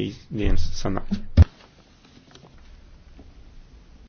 šīs dienas sanāksmi.